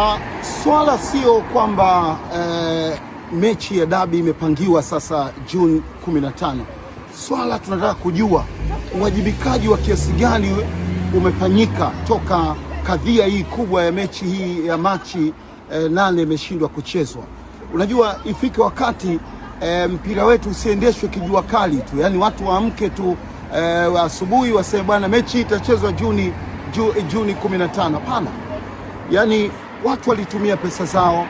Uh, swala sio kwamba uh, mechi ya dabi imepangiwa sasa Juni 15. Swala tunataka kujua uwajibikaji wa kiasi gani umefanyika toka kadhia hii kubwa ya mechi hii ya Machi eh, nane imeshindwa kuchezwa. Unajua ifike wakati eh, mpira wetu usiendeshwe kijua kali tu, yaani watu waamke tu eh, asubuhi waseme bwana mechi itachezwa Juni, Juni 15. Hapana, yaani watu walitumia pesa zao,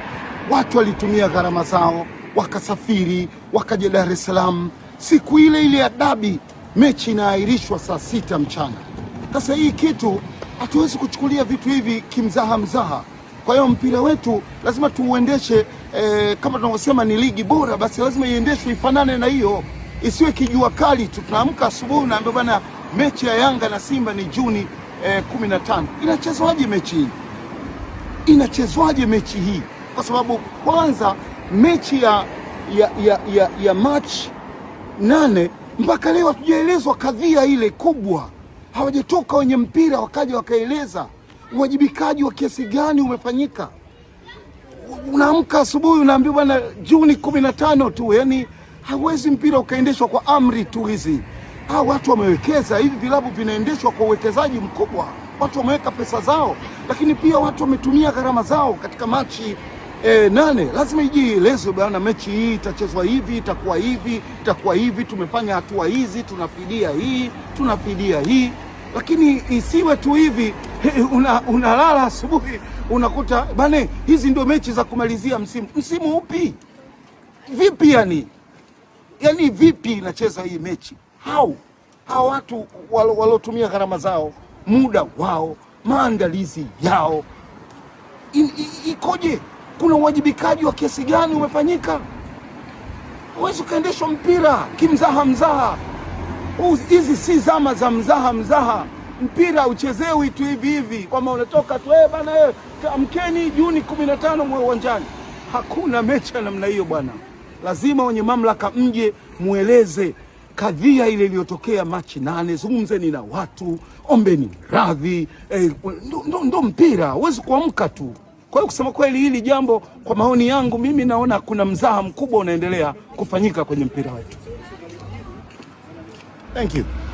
watu walitumia gharama zao, wakasafiri wakaja Dar es Salaam siku ile ile ya dabi. Mechi inaahirishwa saa sita mchana. Sasa hii kitu hatuwezi kuchukulia vitu hivi kimzaha mzaha. Kwa hiyo mpira wetu lazima tuuendeshe eh, kama tunavyosema ni ligi bora, basi lazima iendeshwe ifanane na hiyo, isiwe kijua kali tu. Tunaamka asubuhi naambia bana, mechi ya Yanga na Simba ni Juni eh, kumi na tano. Inachezwaje mechi hii? inachezwaje mechi hii, kwa sababu kwanza mechi ya, ya, ya, ya, ya Machi nane mpaka leo hatujaelezwa kadhia ile kubwa, hawajatoka wenye mpira wakaja wakaeleza uwajibikaji wa kiasi gani umefanyika. Unaamka asubuhi unaambiwa bwana, Juni kumi na tano tu, yani hawezi mpira ukaendeshwa kwa amri tu hizi. Hawa watu wamewekeza, hivi vilabu vinaendeshwa kwa uwekezaji mkubwa watu wameweka pesa zao, lakini pia watu wametumia gharama zao katika machi E, nane lazima ijielezwe bwana, mechi hii itachezwa hivi, itakuwa hivi, itakuwa hivi, tumefanya hatua hizi, tunafidia hii, tunafidia hii, lakini isiwe tu hivi. Una, unalala asubuhi unakuta bane, hizi ndio mechi za kumalizia msimu. Msimu upi? Vipi yani, yani vipi inacheza hii mechi? Hao hawa watu waliotumia gharama zao muda wao, maandalizi yao ikoje? Kuna uwajibikaji wa kiasi gani umefanyika? Huwezi ukaendeshwa mpira kimzaha mzaha. Hizi si zama za mzaha mzaha. Mpira uchezewi tu hivi hivi kwamba unatoka tu eh, bana eh, amkeni Juni kumi na tano mwe uwanjani. Hakuna mechi ya namna hiyo bwana, lazima wenye mamlaka mje mueleze kadhia ile iliyotokea Machi nane, zungumzeni na watu, ombeni radhi eh, ndo, ndo mpira, huwezi kuamka tu. Kwa hiyo kusema kweli, hili jambo kwa maoni yangu mimi naona kuna mzaha mkubwa unaendelea kufanyika kwenye mpira wetu. Thank you.